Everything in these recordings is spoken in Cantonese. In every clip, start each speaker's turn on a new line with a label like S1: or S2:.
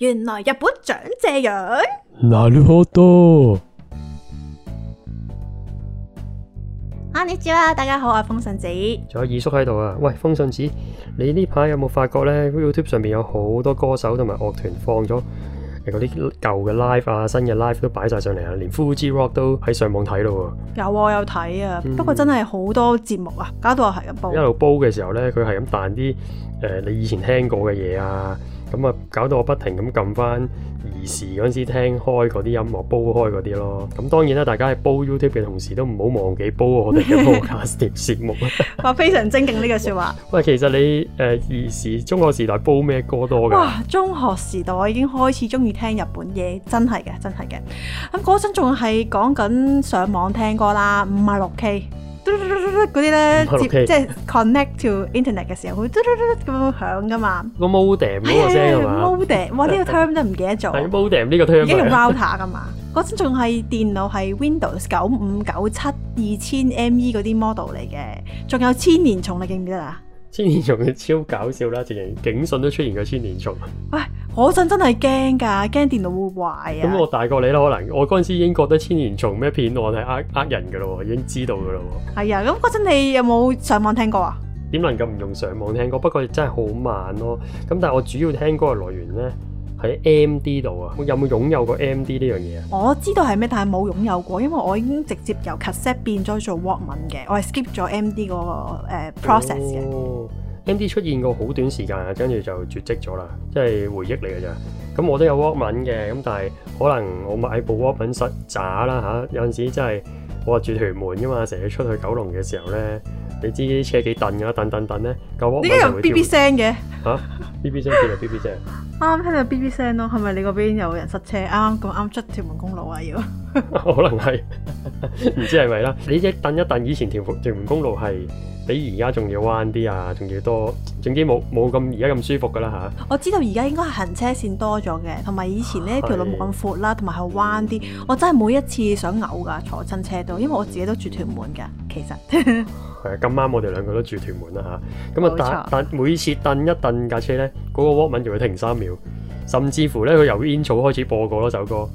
S1: 原來日本長這樣。
S2: なるほど。
S1: こんにちは，大家好，我係風信子。
S2: 仲有二叔喺度啊，喂，風信子，你呢排有冇發覺咧？YouTube 上面有好多歌手同埋樂團放咗嗰啲舊嘅 live 啊，新嘅 live 都擺晒上嚟啊，連 Fuji Rock 都喺上網睇咯。
S1: 有啊，有睇啊，不過真係好多節目啊，搞到我係咁煲。一路
S2: 煲嘅時候咧，佢係咁彈啲誒，你以前聽過嘅嘢啊。咁啊，搞到我不停咁撳翻兒時嗰陣時聽開嗰啲音樂，煲開嗰啲咯。咁當然啦，大家喺煲 YouTube 嘅同時，都唔好忘記煲我哋嘅 Podcast 節
S1: 目啊。 非常精警呢句説話。
S2: 喂，其實你誒兒、呃、時中學時代煲咩歌多嘅？哇！
S1: 中學時代我已經開始中意聽日本嘢，真係嘅，真係嘅。咁嗰陣仲係講緊上網聽歌啦，五、六 K。嘟嘟嘟嘟嗰啲咧，接即係 connect to internet 嘅時候會嘟嘟嘟咁樣響噶嘛，
S2: 個 modem 嗰個 modem
S1: 哇，呢個 term 都唔記得咗係
S2: modem 呢個 term 而家用 router
S1: 噶嘛。嗰陣仲係電腦係 Windows 九五九七二千 ME 嗰啲 model 嚟嘅，仲有千年蟲，你記唔記得
S2: 啊？千年蟲超搞笑啦，直情警訊都出現過千年蟲。
S1: 嗰陣真係驚噶，驚電腦會壞啊！咁我
S2: 大過你啦，可能我嗰陣時已經覺得《千年蟲》咩騙案係呃呃人噶咯，已經知道噶咯。
S1: 係啊，咁嗰陣你有冇上網聽過啊？
S2: 點能夠唔用上網聽歌？不過真係好慢咯。咁但係我主要聽歌嘅來源咧喺 MD 度啊。有冇擁有過 MD 呢樣嘢啊？
S1: 我知道係咩，但係冇擁有過，因為我已經直接由 cassette 變咗做 Walkman 嘅，我係 skip 咗 MD 個誒 process 嘅。
S2: MD 出現過好短時間啊，跟住就絕跡咗啦，即係回憶嚟嘅咋。咁我都有 Walkman 嘅，咁但係可能我買部 Walkman 實渣啦嚇，有陣時真係我話住屯門嘅嘛，成日出去九龍嘅時候咧，你知啲車幾頓呀？頓頓頓咧，夠 Walkman 就會。點解有 bb 聲嘅嚇，bb 聲邊度 bb 聲？
S1: 啱啱聽到 bb 聲咯，係咪你嗰邊有人塞車？啱啱咁啱出屯門公路啊要。
S2: 可能係唔知係咪啦？你一扽一扽，以前條條公路係比而家仲要彎啲啊，仲要多，總之冇冇咁而家咁舒服噶啦吓。
S1: 我知道而家應該係行車線多咗嘅，同埋以前呢條 是路冇咁闊啦，同埋係彎啲。嗯、我真係每一次想嘔噶，坐親車都，因為我自己都住屯門噶，其實係
S2: 咁啱， 今我哋兩個都住屯門啦吓。咁啊，扽扽，每次扽一扽架車咧，嗰、那個 Walkman 就會停三秒，甚至乎咧佢由 intro 開始播過嗰首歌。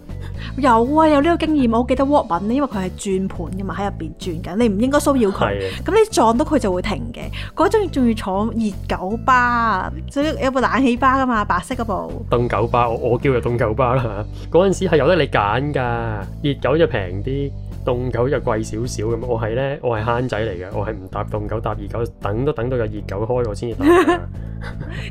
S1: 有啊，有呢個經驗，我記得 Walkman，因為佢係轉盤噶嘛，喺入邊轉緊，你唔應該騷擾佢。咁是的 你撞到佢就會停嘅。嗰種仲要坐熱狗巴，即係有部冷氣巴噶嘛，白色嗰部。
S2: 凍狗巴，我我叫佢凍狗巴啦。嗰 陣時係有得你揀噶，熱狗就平啲。凍狗就貴少少咁，我係咧，我係慳仔嚟嘅，我係唔搭凍狗，搭熱狗，等都等到有熱狗開我先搭。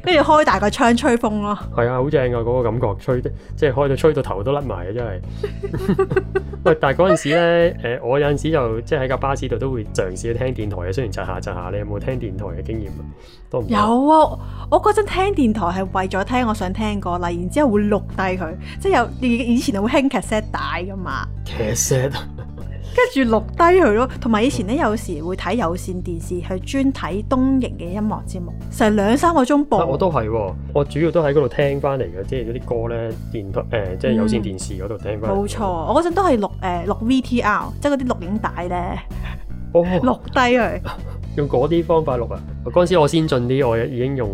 S1: 跟住 開大個窗吹風咯。
S2: 係 啊，好正啊！嗰個感覺，吹即係開到吹到頭都甩埋啊！真係。喂， 但係嗰陣時咧，誒，我有陣時就即係喺架巴士度都會嘗試聽電台嘅。雖然窒下窒下，一下，你有冇聽電台嘅經驗啊？都唔有
S1: 啊！我嗰陣聽電台係為咗聽我想聽過啦，然之後會錄低佢，即係有以前係會興 cassette 帶噶嘛。
S2: cassette
S1: 跟住錄低佢咯，同埋以前咧，有時會睇有線電視，去專睇東瀛嘅音樂節目，
S2: 成兩三個鐘播，啊。我都係，我主要都喺嗰度聽翻嚟嘅，即係嗰啲歌咧，電誒、呃、即係有線電視嗰度聽翻。冇、嗯、
S1: 錯，我嗰陣都係錄誒、呃、錄 VTR，即係嗰啲錄影帶咧，
S2: 哦、錄低佢。用嗰啲方法錄啊！嗰陣時我先進啲，我已經用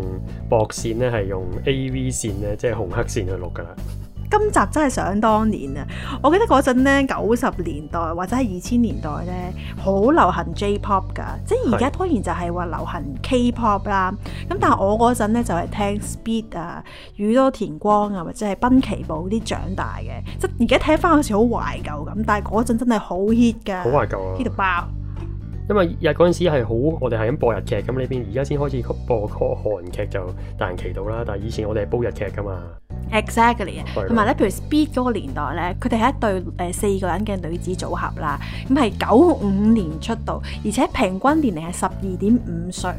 S2: 薄線咧，係用 AV 線咧，即係紅黑線去錄㗎啦。
S1: 今集真係想當年啊！我記得嗰陣咧，九十年代或者係二千年代咧，好流行 J-pop 㗎。即係而家當然就係話流行 K-pop 啦。咁是的 但係我嗰陣咧就係、是、聽 Speed 啊、宇多田光啊，或者係濱崎步啲長大嘅。即係而家睇返好似好懷舊咁，但係嗰陣真係好 hit 㗎。好懷舊啊！hit 到爆！
S2: 因為日嗰陣時係好，我哋係咁播日劇咁呢邊。而家先開始播韓劇就大行其道啦。但係以前我哋係煲日劇㗎嘛。
S1: Exactly，同埋咧，譬如 Speed 嗰個年代咧，佢哋係一對誒四個人嘅女子組合啦。咁係九五年出道，而且平均年齡係十二點五歲。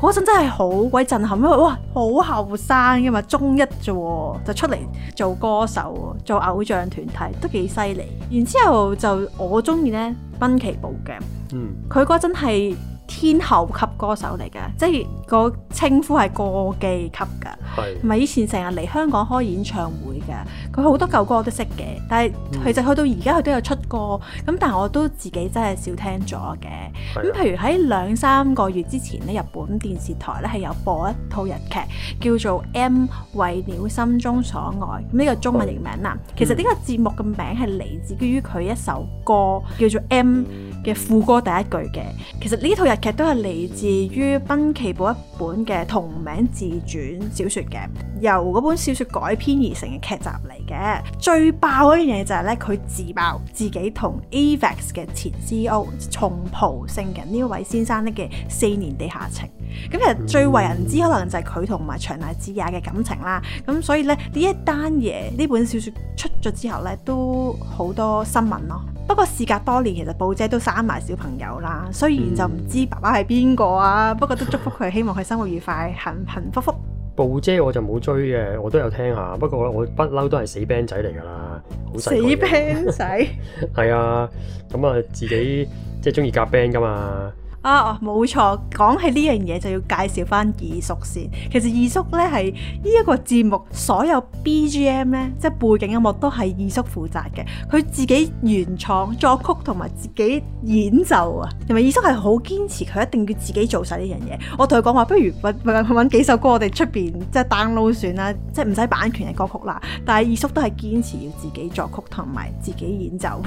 S1: 嗰陣 真係好鬼震撼啊！因為哇，好後生㗎嘛，中一啫，就出嚟做歌手、做偶像團體，都幾犀利。然之後就我中意咧，濱崎步嘅，嗯，佢嗰陣係，天后級歌手嚟嘅，即係、個稱呼係歌姬級嘅，係咪的以前成日嚟香港開演唱會嘅？佢好多舊歌我都識嘅，但係其實去到而家佢都有出歌，咁、嗯、但我都自己真係少聽咗嘅。咁的譬如喺兩三個月之前呢，日本電視台呢係有播一套日劇，叫做《M 為鳥心中所愛》，咁呢個中文譯名啦。嗯、其實呢個節目嘅名係嚟自於佢一首歌，叫做 M.、嗯《M》。嘅副歌第一句嘅，其實呢套日劇都係嚟自於濱崎步一本嘅同名自傳小説嘅，由嗰本小説改編而成嘅劇集嚟嘅。最爆嗰樣嘢就係咧，佢自爆自己同 Avex 嘅前 CEO 松浦勝人呢一位先生咧嘅四年地下情。咁其實最為人知可能就係佢同埋長瀨智也嘅感情啦。咁所以咧呢一單嘢，呢本小説出咗之後咧，都好多新聞咯。不過事隔多年，其實布姐都生埋小朋友啦。雖然就唔知爸爸係邊個啊，嗯、不過都祝福佢， 希望佢生活愉快，幸幸福福。
S2: 布姐我就冇追嘅，我都有聽下。不過我不嬲都係死 band 仔嚟噶啦，好死 band 仔係 啊。咁啊，自己即係中意夾 band 噶嘛。
S1: 啊，冇錯，哦，講起呢樣嘢就要介紹翻二叔先。其實二叔呢係呢一個節目所有 BGM 呢，即係背景音樂都係二叔負責嘅。佢自己原創作曲同埋自己演奏啊，同埋二叔係好堅持佢一定要自己做晒呢樣嘢。我同佢講話，不如揾揾幾首歌我哋出邊即係 download 算啦，即係唔使版權嘅歌曲啦。但係二叔都係堅持要自己作曲同埋自己演奏。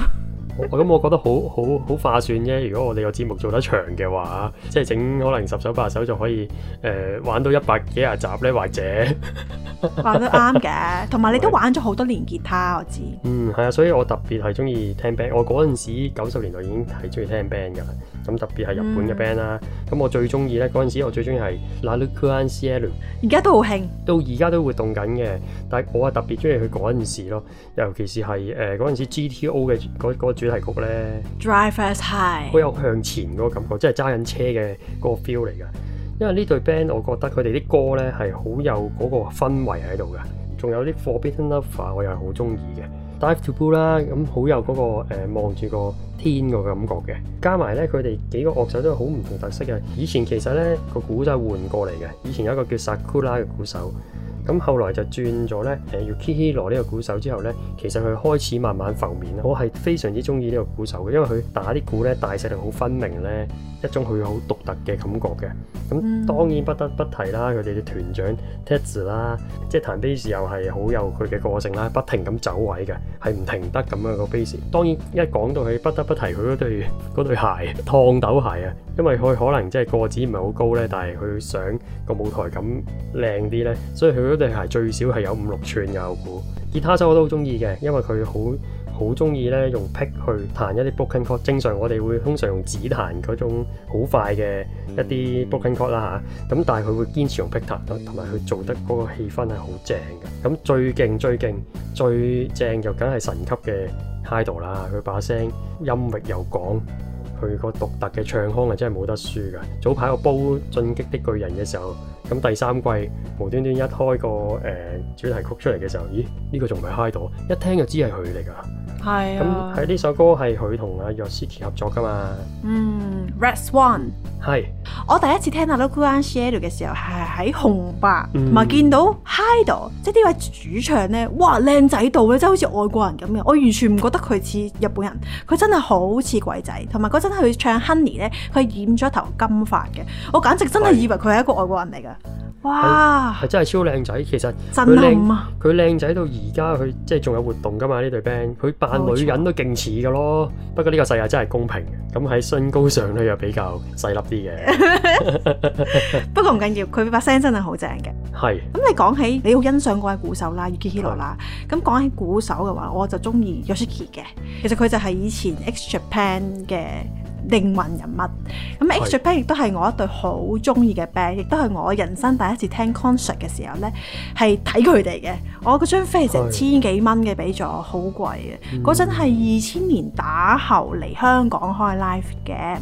S2: 我咁 我覺得好好好化算啫，如果我哋個節目做得長嘅話，即係整可能十首八首就可以誒、呃、玩到一百幾廿集咧，或者話都啱
S1: 嘅。同埋 你都玩咗好多年吉他，我知。
S2: 嗯，係啊，所以我特別係中意聽 band。我嗰陣時九十年代已經係中意聽 band 㗎。咁特別係日本嘅 band 啦。咁、嗯、我最中意咧，嗰陣時，我最中意係 L'Arc~en~Ciel。而家都好興，到而家都活動緊嘅。但係我係特別中意佢嗰陣時咯，尤其是係誒嗰陣時 G T O 嘅嗰、那個主。主題曲咧
S1: ，Driver's High 好
S2: 有向前嗰個感覺，即係揸緊車嘅嗰個 feel 嚟噶。因為呢對 band，我覺得佢哋啲歌咧係好有嗰個氛圍喺度噶。仲有啲 Forbidden Lover，我又係好中意嘅。Dive to Blue 啦，咁好有嗰、那個誒望住個天個感覺嘅。加埋咧，佢哋幾個樂手都係好唔同特色嘅。以前其實咧、那個鼓都係換過嚟嘅。以前有一個叫 Sakura 嘅鼓手。咁後來就轉咗咧，誒，叫 k 希羅呢個鼓手之後咧，其實佢開始慢慢浮面。我係非常之中意呢個鼓手嘅，因為佢打啲鼓咧，大細就好分明咧，一種佢好獨特嘅感覺嘅。咁、嗯、當然不得不提啦，佢哋嘅團長 t e d d 啦，即係彈 bass 又係好有佢嘅個性啦，不停咁走位嘅，係唔停得咁樣個 bass。當然一講到佢不得不提佢嗰對鞋，燙豆鞋啊，因為佢可能即係個子唔係好高咧，但係佢想個舞台咁靚啲咧，所以佢對鞋最少係有五六寸噶，我估。吉他手我都好中意嘅，因為佢好好中意咧用 pick 去彈一啲 booking chord 正常我哋會通常用指彈嗰種好快嘅一啲 booking chord 啦吓。咁但係佢會堅持用 pick 彈咯，同埋佢做得嗰個氣氛係好正嘅。咁最勁、最勁、最正就梗係神級嘅 Hiddle 啦，佢把聲音域又廣，佢個獨特嘅唱腔係真係冇得輸噶。早排我煲《進擊的巨人》嘅時候。咁第三季無端端一開個、呃、主題曲出嚟嘅時候，咦？呢、這個仲未嗨到，一聽就知係佢嚟㗎。咁喺呢首歌係佢同阿 Yoshiki 合作噶嘛？嗯
S1: ，Red Swan 係是我第一次聽阿 L'Arc-en-Ciel 嘅時候係喺紅白同埋、嗯、見到 Hyde，即係呢位主唱咧，哇靚仔到咧，即係好似外國人咁嘅，我完全唔覺得佢似日本人，佢真係好似鬼仔。同埋嗰陣佢唱 Honey 咧，佢染咗頭金髮嘅，我簡直真係以為佢係一個外國人嚟噶。哇，
S2: 係真係超靚仔，其實佢靚，佢靚仔到而家，佢即係仲有活動噶嘛呢隊 band，佢扮女人都勁似嘅咯。錯不過呢個世界真係公平嘅，咁喺身高上咧又比較細粒啲嘅。
S1: 不過唔緊要，佢把聲真係好正嘅。係是。咁你講起你好欣賞嗰位鼓手啦，Yukihiro 啦，咁是講起鼓手嘅話，我就中意 Yoshiki 嘅。其實佢就係以前 X Japan 嘅。靈魂人物，咁 X 亦都係我一隊好中意嘅 band，亦都係我人生第一次聽 concert 嘅時候呢，係睇佢哋嘅。我嗰張飛係成千幾蚊嘅俾咗，好是貴嘅。嗰陣係二千年打後嚟香港開 live 嘅，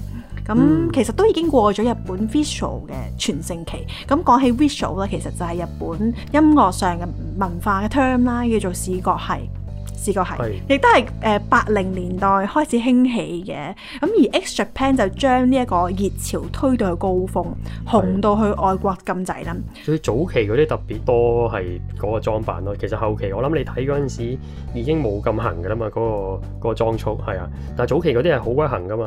S1: 咁其實都已經過咗日本 visual 嘅全盛期。咁講起 visual 咧，其實就係日本音樂上嘅文化嘅 term 啦，叫做視覺系。試過係，亦都係誒八零年代開始興起嘅，咁而 X Japan 就將呢一個熱潮推到去高峰，係紅到去外國咁滯啦。
S2: 最早期嗰啲特別多係嗰個裝扮咯，其實後期我諗你睇嗰陣時已經冇咁行㗎啦嘛，嗰個嗰個裝束係啊，但係早期嗰啲係好鬼行㗎嘛。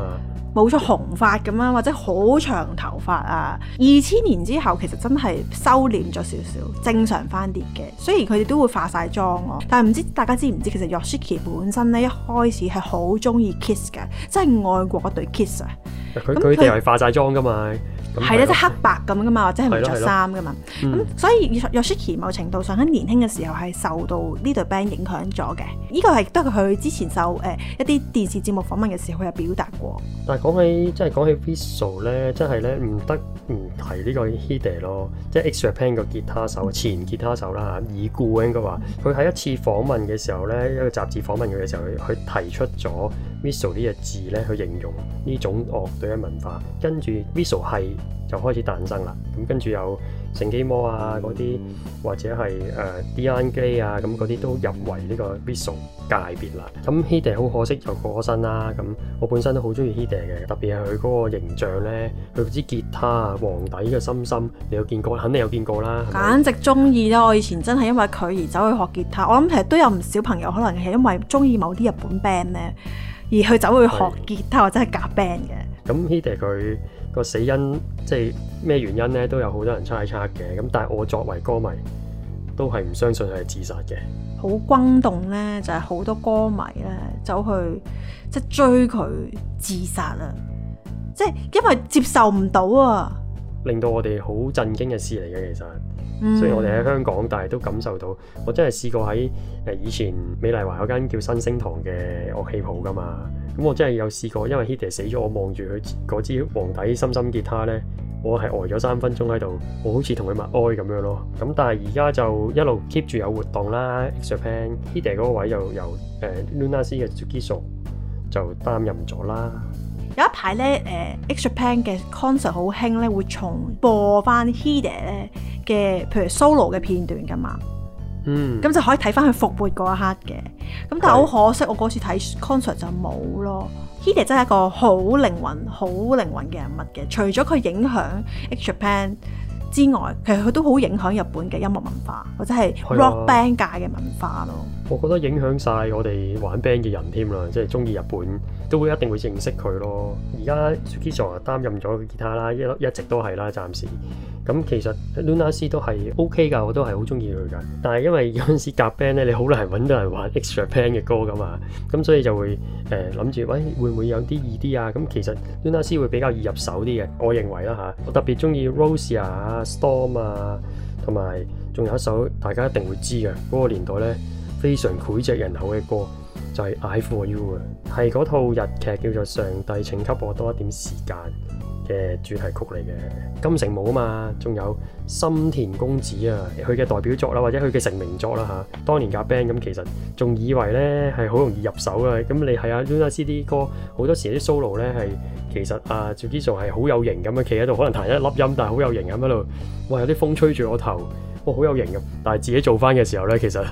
S2: 冇
S1: 錯，紅髮咁啊，或者好長頭髮啊。二千年之後其實真係收斂咗少少，正常翻啲嘅。雖然佢哋都會化晒妝咯，但係唔知大家知唔知？其實 Yoshiki 本身咧，一開始係好中意 kiss 嘅，真係外國嗰對 kiss 啊！
S2: 佢佢哋係化晒妝噶嘛，係啊，即黑
S1: 白咁噶嘛，或者係唔着衫噶嘛，咁所以 Yoshiki 某程度上喺年輕嘅時候係受到呢對 band 影響咗嘅，呢、這個係亦都係佢之前受誒一啲電視節目訪問嘅時候佢有表達過的。
S2: 但係講起即係講起 visual 咧，真係咧唔得唔。嗯提呢個 hide 咯，即係 X Japan 個吉他手前吉他手啦嚇，已故應該話，佢喺一次訪問嘅時候咧，一個雜誌訪問佢嘅時候，佢提出咗 visual 呢隻字咧去形容呢種樂隊嘅文化，跟住 visual 係就開始誕生啦，咁跟住又。乘機魔啊，嗰啲、嗯、或者係誒、呃、D N G 啊，咁嗰啲都入圍呢個 visual 界別啦。咁 h i d e 好可惜就過身啦。咁我本身都好中意 h i d e 嘅，特別係佢嗰個形象咧，佢支吉他啊，皇底嘅心心，你有見過？肯定有見過啦。
S1: 簡直中意啦！我以前真係因為佢而走去學吉他。我諗其實都有唔少朋友可能係因為中意某啲日本 band 咧，而去走去學吉他對或者係夾 band 嘅。
S2: 咁 h i d e 佢。個死因即係咩原因咧？都有好多人猜測嘅。咁但係我作為歌迷，都係唔相信佢係自殺嘅。
S1: 好轟動咧，就係好多歌迷咧，走去即係追佢自殺啊！即係因為接受唔到啊，
S2: 令到我哋好震驚嘅事嚟嘅，其實。嗯、所以我哋喺香港，但係都感受到，我真係試過喺誒以前美麗華有間叫新星堂嘅樂器鋪㗎嘛。咁我真係有試過，因為 hide 死咗，我望住佢支黃底深深吉他咧，我係呆咗三分鐘喺度，我好似同佢默哀咁樣咯。咁但係而家就一路 keep 住有活動啦。X Japan hide 嗰個位又由誒、呃、Luna Sea 嘅 SUGIZO 就擔任咗啦。有
S1: 一排咧，誒 X Japan 嘅 concert 好興咧，會重播翻 hide 咧。嘅，譬如 solo 嘅片段噶嘛，嗯，
S2: 咁就
S1: 可以睇翻佢復活嗰一刻嘅。咁但係好可惜我那，我嗰次睇 concert 就冇咯。hide 真係一個好靈魂、好靈魂嘅人物嘅。除咗佢影響 X Japan 之外，其實佢都好影響日本嘅音樂文化，或者係 rock band 界嘅文化咯。
S2: 我覺得影響晒我哋玩 band 嘅人添啦，即係中意日本都會一定會認識佢咯。而家 Sugizo 就擔任咗吉他啦，一一直都係啦，暫時。咁其實 LUNA SEA 都係 OK 㗎，我都係好中意佢㗎。但係因為有陣時夾 band 咧，你好難揾到人玩 extra band 嘅歌噶嘛，咁所以就會誒諗住，喂會唔會有啲易啲啊？咁其實 LUNA SEA 會比較容易入手啲嘅，我認為啦嚇、啊。我特別中意 Rosier 啊、Storm 啊，同埋仲有一首大家一定會知嘅，嗰、那個年代咧非常膾炙人口嘅歌，就係、是、I For You 啊，係嗰套日劇叫做上帝請給我多一點時間，嘅主題曲嚟嘅，金城武啊嘛，仲有心田公子啊，佢嘅代表作啦，或者佢嘅成名作啦嚇，當年夾 band 咁，其實仲以為咧係好容易入手啊，咁你係啊 Luna CD 歌好多時啲 solo 咧係其實啊 JoJo 係好有型咁樣企喺度，可能彈一粒音，但係好有型咁喺度，哇有啲風吹住我頭。好有型嘅，但係自己做翻嘅時候咧，其實你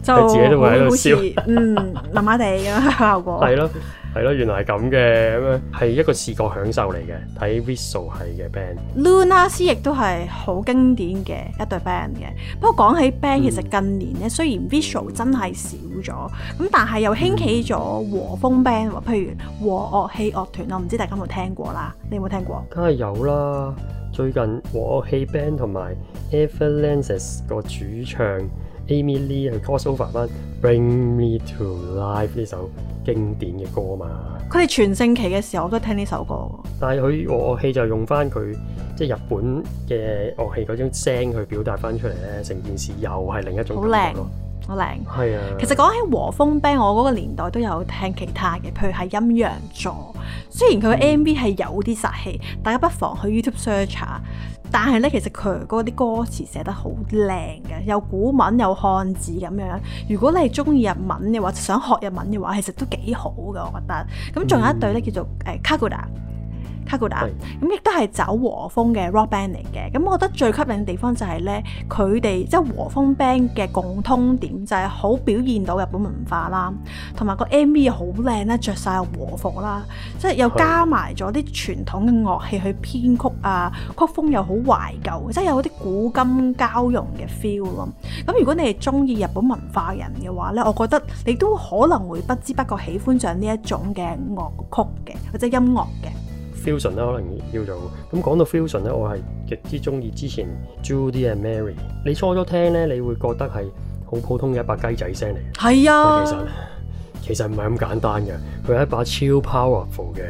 S2: 自己都唔喺度燒，嗯，
S1: 麻麻地嘅效果。係
S2: 咯，係咯，原來係咁嘅，係一個視覺享受嚟嘅。睇 visual 係嘅
S1: band，Luna Sea 亦都係好經典嘅一隊 band 嘅。不過講起 band，其實近年咧，雖然 visual 真係少咗，咁但係又興起咗和風 band，譬如和樂器樂團，我唔知大家有冇聽過啦，你有冇聽過？
S2: 梗係有啦。最近和樂器 band 同埋 Evanescence 個主唱 Amy Lee 去 crossover 翻《Bring Me To Life》呢首經典嘅歌嘛。佢哋全
S1: 盛期嘅時候我都聽呢首歌。
S2: 但係佢和樂器就用翻佢即係日本嘅樂器嗰種聲去表達翻出嚟咧，成件事又係另一種感覺
S1: 咯。好靚，
S2: 係啊！其實講起
S1: 和風 band，我嗰個年代都有聽其他嘅，譬如係《陰陽座》，雖然佢嘅 MV 係有啲殺氣，嗯、大家不妨去 YouTube search 下。但係咧，其實佢嗰啲歌詞寫得好靚嘅，有古文有漢字咁樣。如果你係中意日文嘅話，想學日文嘅話，其實都幾好嘅，我覺得。咁仲有一對咧，嗯、叫做誒、欸、卡古達。卡古達咁，是亦都係走和風嘅 rock band 嚟嘅。咁，我覺得最吸引嘅地方就係咧，佢哋即係和風 band 嘅共通點就係、是、好表現到日本文化啦，同埋個 M V 好靚咧，著曬和服啦，即、就、係、是、又加埋咗啲傳統嘅樂器去編曲啊，是曲風又好懷舊，即、就、係、是、有啲古今交融嘅 feel 咯。咁如果你係中意日本文化人嘅話咧，我覺得你都可能會不知不覺喜歡上呢一種嘅樂曲嘅，或者音樂嘅。
S2: Fusion 咧，可能叫做，咁講到 Fusion 咧，我係極之中意之前 Judy and Mary。你初初聽咧，你會覺得係好普通嘅一把雞仔聲嚟。係啊，其實其實唔係咁簡單嘅，佢係一把超 powerful 嘅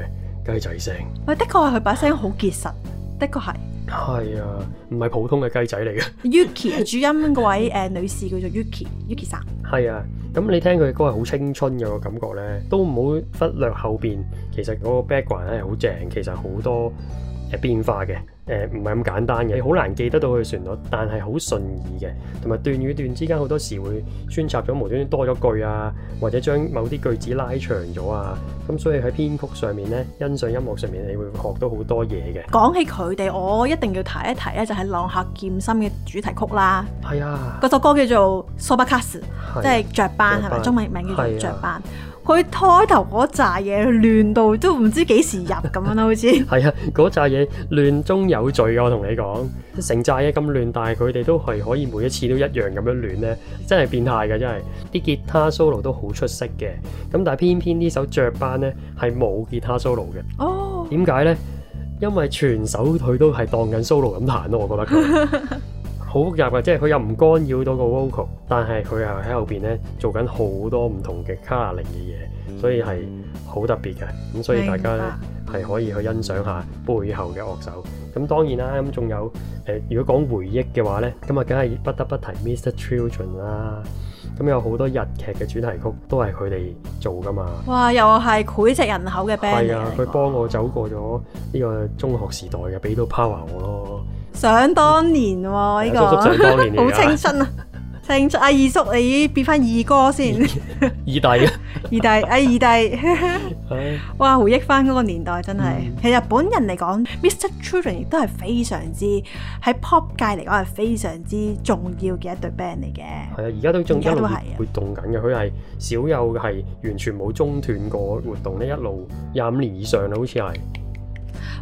S2: 雞仔聲。
S1: 喂，的確係佢把聲好結實，的確係。
S2: 係啊，唔係普通嘅雞仔嚟嘅
S1: Yuki 主音嗰位、呃、女士叫做 Yuki，Yuki 生。
S2: 係啊，咁你聽佢嘅歌係好青春嘅感覺咧，都唔好忽略後面。其實嗰個 background 咧係好正，其實好多，誒變化嘅，誒唔係咁簡單嘅，你好難記得到佢旋律，但係好順意嘅，同埋段與段之間好多時會穿插咗無端端多咗句啊，或者將某啲句子拉長咗啊，咁、嗯、所以喺編曲上面咧，欣賞音樂上面，你會學到好多嘢嘅。
S1: 講起佢哋，我一定要提一提咧，就係《浪客劍心》嘅主題曲啦。係啊，嗰首歌叫做《Sobakasu》，
S2: 即係雀斑，係咪？吧啊、中文名叫做《雀
S1: 斑》。佢開頭嗰扎嘢亂到都唔知幾時入咁樣咯，好似
S2: 係 啊，嗰扎嘢亂中有序嘅，我同你講。成扎嘢咁亂，但係佢哋都係可以每一次都一樣咁樣亂呢，真係變態嘅，真係啲吉他 solo 都好出色嘅。咁但係偏偏呢首雀斑呢係冇吉他 solo 嘅哦。點解呢？因為全首佢都係當緊 solo 咁彈咯，我覺得佢。 好複雜嘅，即係佢又唔干擾到個 vocal，但係佢又喺後邊咧做緊好多唔同嘅卡啦鈴嘅嘢，嗯、所以係好特別嘅。咁所以大家咧係、嗯、可以去欣賞下背後嘅樂手。咁當然啦，咁仲有誒，如果講回憶嘅話咧，咁啊，梗係不得不提 Mr. Children 啦。咁有好多日劇嘅主題曲都係佢哋做噶嘛。
S1: 哇，又係膾炙人口嘅 band。係啊，
S2: 佢幫我走過咗呢個中學時代嘅，俾到 power 我咯。
S1: 想當年喎、啊、呢、嗯這個，好青春啊， 青春，啊！二叔你變翻二哥先二，二弟，二弟，阿二弟， 啊、 哇！回憶翻嗰個年代真係，嗯、其實本人嚟講，Mr. Children 亦都係非常之喺 pop 界嚟講係非常之重要嘅一隊 band 嚟嘅。
S2: 係啊，而家都仲一路活動緊嘅，佢係少有係完全冇中斷過活動，呢一路廿五年以上啦，好似係。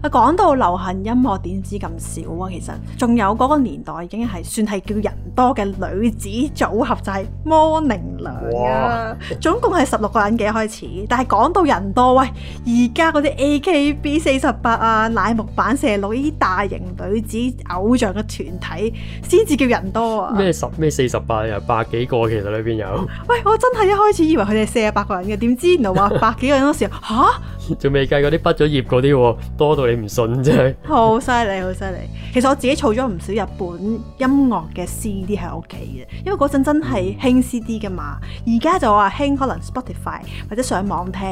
S1: 講到流行音樂點知咁少啊？其實仲有嗰個年代已經係算係叫人多嘅女子組合就係 Morning 娘，哇！總共係十六個人嘅開始，但係講到人多，喂，而家嗰啲 A K B 四十八啊、乃木坂射龍依啲大型女子偶像嘅團體，先至叫人多啊！
S2: 咩十咩四十八又百幾個，其實裏邊有。
S1: 喂，我真係一開始以為佢哋四十八個人嘅，點知原來話百幾個人時候，吓
S2: 蛤？仲未計嗰啲畢咗業嗰啲，多到你唔信真係 。
S1: 好犀利，好犀利！其實我自己儲咗唔少日本音樂嘅 CD 喺屋企嘅，因為嗰陣真係興 CD 嘅嘛。而家就話興可能 Spotify 或者上網聽，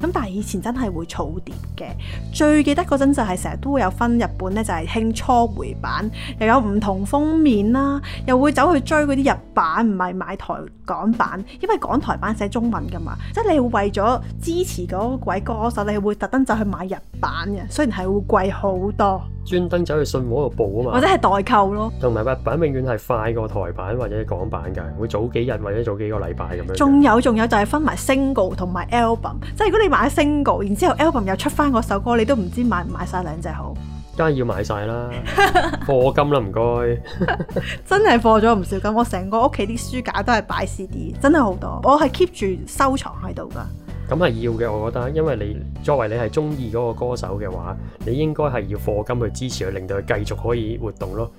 S1: 咁但係以前真係會儲碟嘅。最記得嗰陣就係成日都會有分日本咧，就係興初回版，又有唔同封面啦，又會走去追嗰啲日版，唔係買台港版，因為港台版寫中文㗎嘛，即係你為咗支持嗰位歌手，你會特登走去買日版嘅，雖然係會貴好多。
S2: 專登走去信和度部啊嘛。或者係
S1: 代購咯。
S2: 同埋日版永遠係快過台版或者港版㗎，會早幾日或者早幾個禮拜。仲
S1: 有仲有就係分埋 single 同埋 album，即係如果你買咗 single，然之後 album 又出翻嗰首歌，你都唔知買唔買晒兩隻好？
S2: 梗係要買晒啦，課金啦，唔該。
S1: 真係課咗唔少金，我成個屋企啲書架都係擺 CD，真係好多。我係 keep 住收藏喺度噶。
S2: 咁係要嘅，我覺得，因為你作為你係中意嗰個歌手嘅話，你應該係要課金去支持佢，令到佢繼續可以活動咯。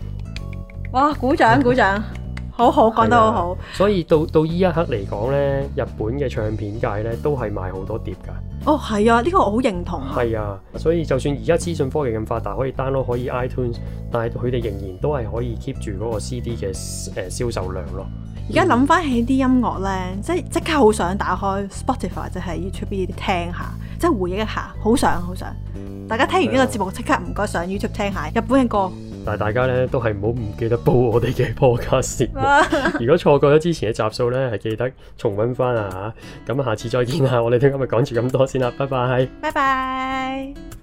S1: 哇！鼓掌鼓掌。好好講得好好，啊，
S2: 所以到到依一刻嚟講呢，日本嘅唱片界呢都係賣好多碟噶。
S1: 哦，係啊，呢、呢個我好認同。係
S2: 啊，所以就算而家資訊科技咁發達，可以 download 可以 iTunes，但係佢哋仍然都係可以 keep 住嗰個 CD 嘅誒、呃、銷售量咯。
S1: 而家諗翻起啲音樂呢，即即刻好想打開 Spotify 或者係 YouTube 呢啲聽下，即回憶一下，好想好想。好想
S2: 好想嗯，大家聽完呢個節
S1: 目，即、啊、刻唔該上 YouTube 聽下日本嘅歌。嗯
S2: 但大家咧都係唔好唔記得報我哋嘅 Podcast 如果錯過咗之前嘅集數咧，係記得重温翻啊嚇，咁下次再見啊！我哋今日咪講住咁多先啦，拜拜，
S1: 拜拜。